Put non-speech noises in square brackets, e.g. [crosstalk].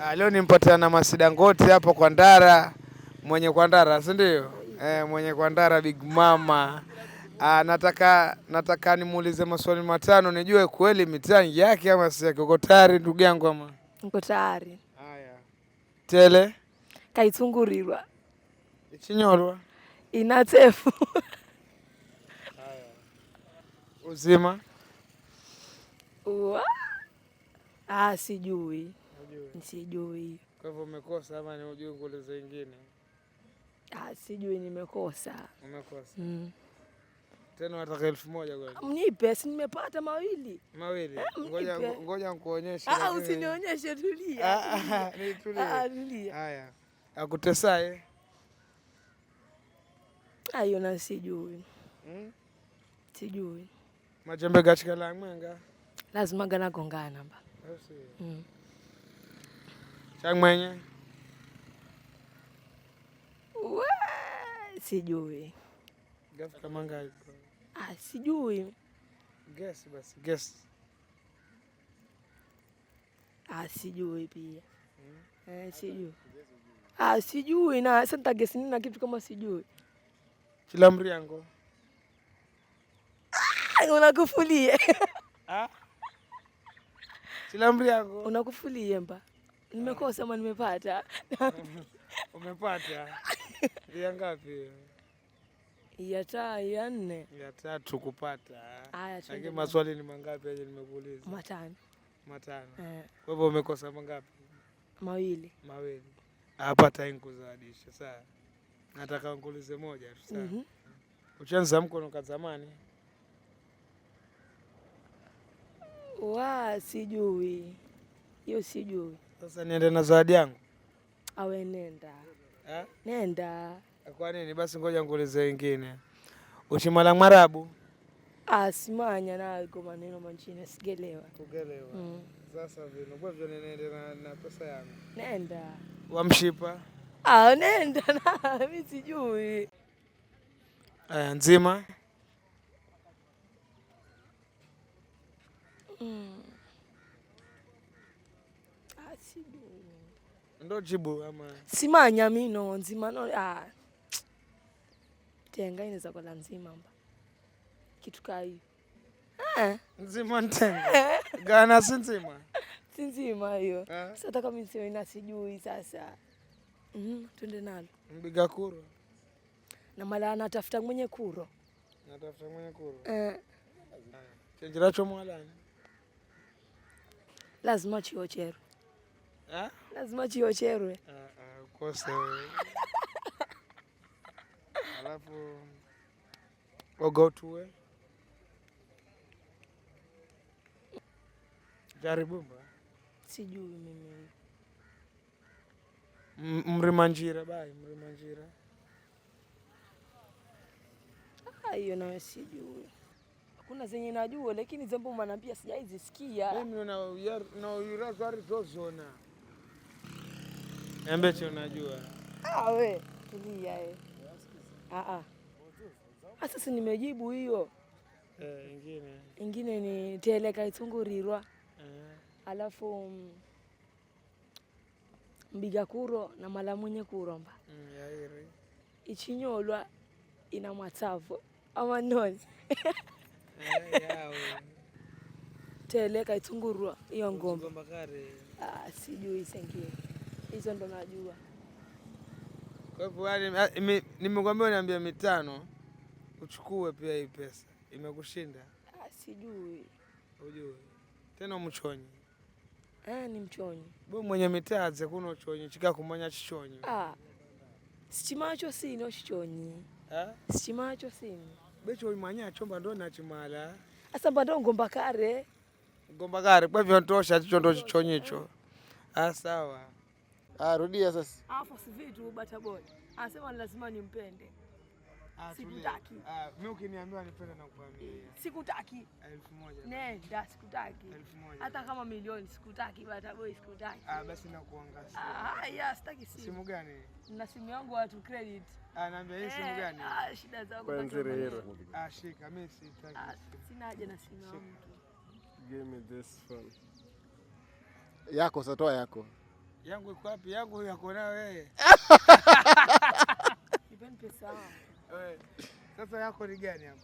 Ah, leo nimpatana na masidangoti hapo kwa Ndara, mwenye kwa Ndara, si ndio? E, mwenye kwa Ndara big mama. A, ah, nataka nataka nimuulize maswali matano nijue kweli mitangi yake ama si yake. Uko tayari ndugu yangu ama? Uko tayari. Haya. Tele kaitungurirwa ichinyorwa inatefu uzima Uwa. Ah, sijui Nisijui. Kwa hivyo umekosa ama ni ujui ngulizo zingine? Ah, sijui nimekosa. Umekosa. Mm. Tena nataka elfu moja kwani? Mnipe, si nimepata mawili. Mawili. Eh, ngoja ngoja nikuonyeshe. Ah, usinionyeshe tulia. Ah, ni tulia. Ah, ah, ah, tulia. Haya. Akutesae. Ayo ah, na sijui. Mm. Sijui. Majembe gachika la mwanga. Lazima gana gongana ba. Mm. Changmwenye sijui kama ngapi? Ah, sijui guess basi guess. Ah, sijui pia hmm. Eh, sijui ah, sijui na senta nitagesi nini na kitu kama sijui kila mriango ah, unakufulie ah? kila mriango unakufulie mba Nimekosa ama nimepata? [laughs] Umepata ya ngapi? ya taa ya nne ya tatu kupata. Haya, lakini maswali ni mangapi aje? Nimekuuliza matano. Matano. Eh. Kwa hivyo umekosa mangapi? Mawili. Mawili. Hapa tainkuzawadisha saa, nataka nikuulize moja tu saa. mm -hmm. Uchanza mkono kazamani wa sijui hiyo, sijui sasa niende na zawadi yangu? Awe ah, nenda ha? Nenda. Kwa nini basi? Ngoja nguulize wengine. Uchimala Mwarabu asimanya ah, nago maneno manjina sigelewa. Kugelewa. Mm. Sasa vino bwana, niende na, na pesa yangu. Nenda. Wamshipa Ah, nenda na [laughs] mimi sijui. Eh, nzima. Mm ndojibu ama simanya mino nzima no ah tenga inaweza kola nzima mba kitu kaa hiyo ah. nzima ntenga gana si nzima [laughs] si nzima hiyo ah. Sasa kama mimi na sijui sasa mm, twende nalo mbiga kuro na mala anatafuta mwenye kuro natafuta mwenye kuro eh. chenjeracho mwalani lazima chiochero Eh? Lazima chiocherwe. Ah, eh, eh, kosa. [laughs] Alafu ogotue. jaribumba Sijui mimi. Mrimanjira bai, mrimanjira. Ah, hiyo nawe sijui. Kuna zenye najua lakini zambo manambia sijaizisikia. Mimi na na yura zari zozona. Niambie che unajua. Ah we, tulia eh. Ah, ah ah. Sasa nimejibu hiyo. Eh, ingine. Ingine ni teleka itungurirwa. Eh. Alafu mm, mbiga kuro na mala mwenye kuromba. Mm, yairi. Ichinyolwa ina mwatsavu ama noni. Eh, yawe. Teleka itungurwa iyo ngomba. Ngomba kare. Ah, sijui sengine hizo ndo najua. Kwa hivyo yaani, nimekwambia niambia mitano uchukue pia hii pesa, imekushinda ah, sijui. Ujui tena umchonye ni mchonyi bo mwenye mitaze kuno uchonye chika kumanya chichonye ah, sichimacho sino chichonyi sichimacho sino becho imanya chomba ndo nachimala asamba ndo ngomba kare ngomba kare kwa hivyo ntosha chicho ndo chichonyicho ah. sawa Ah, rudia sasa. Alafu si vitu bata boy. Anasema lazima nimpende. Ah, sikutaki. Ah, mimi ukiniambia nipende na kukwambia. Sikutaki. Elfu moja. Nenda, sikutaki. Elfu moja. Hata kama milioni sikutaki bata boy, sikutaki. Ah, basi na nakuangazia. Ah, ya, sitaki simu. Simu gani? Na simu yangu watu credit. Ah, naambia hii simu eh, gani? Ah, shida zangu. Kwa nzere hero. Ah, shika mimi sitaki. Ah, sina haja na simu yangu. Give me this phone. Yako satoa yako yangu iko wapi? Yangu yako nayo wewe. [laughs] Eh, sasa yako ni gani hapo?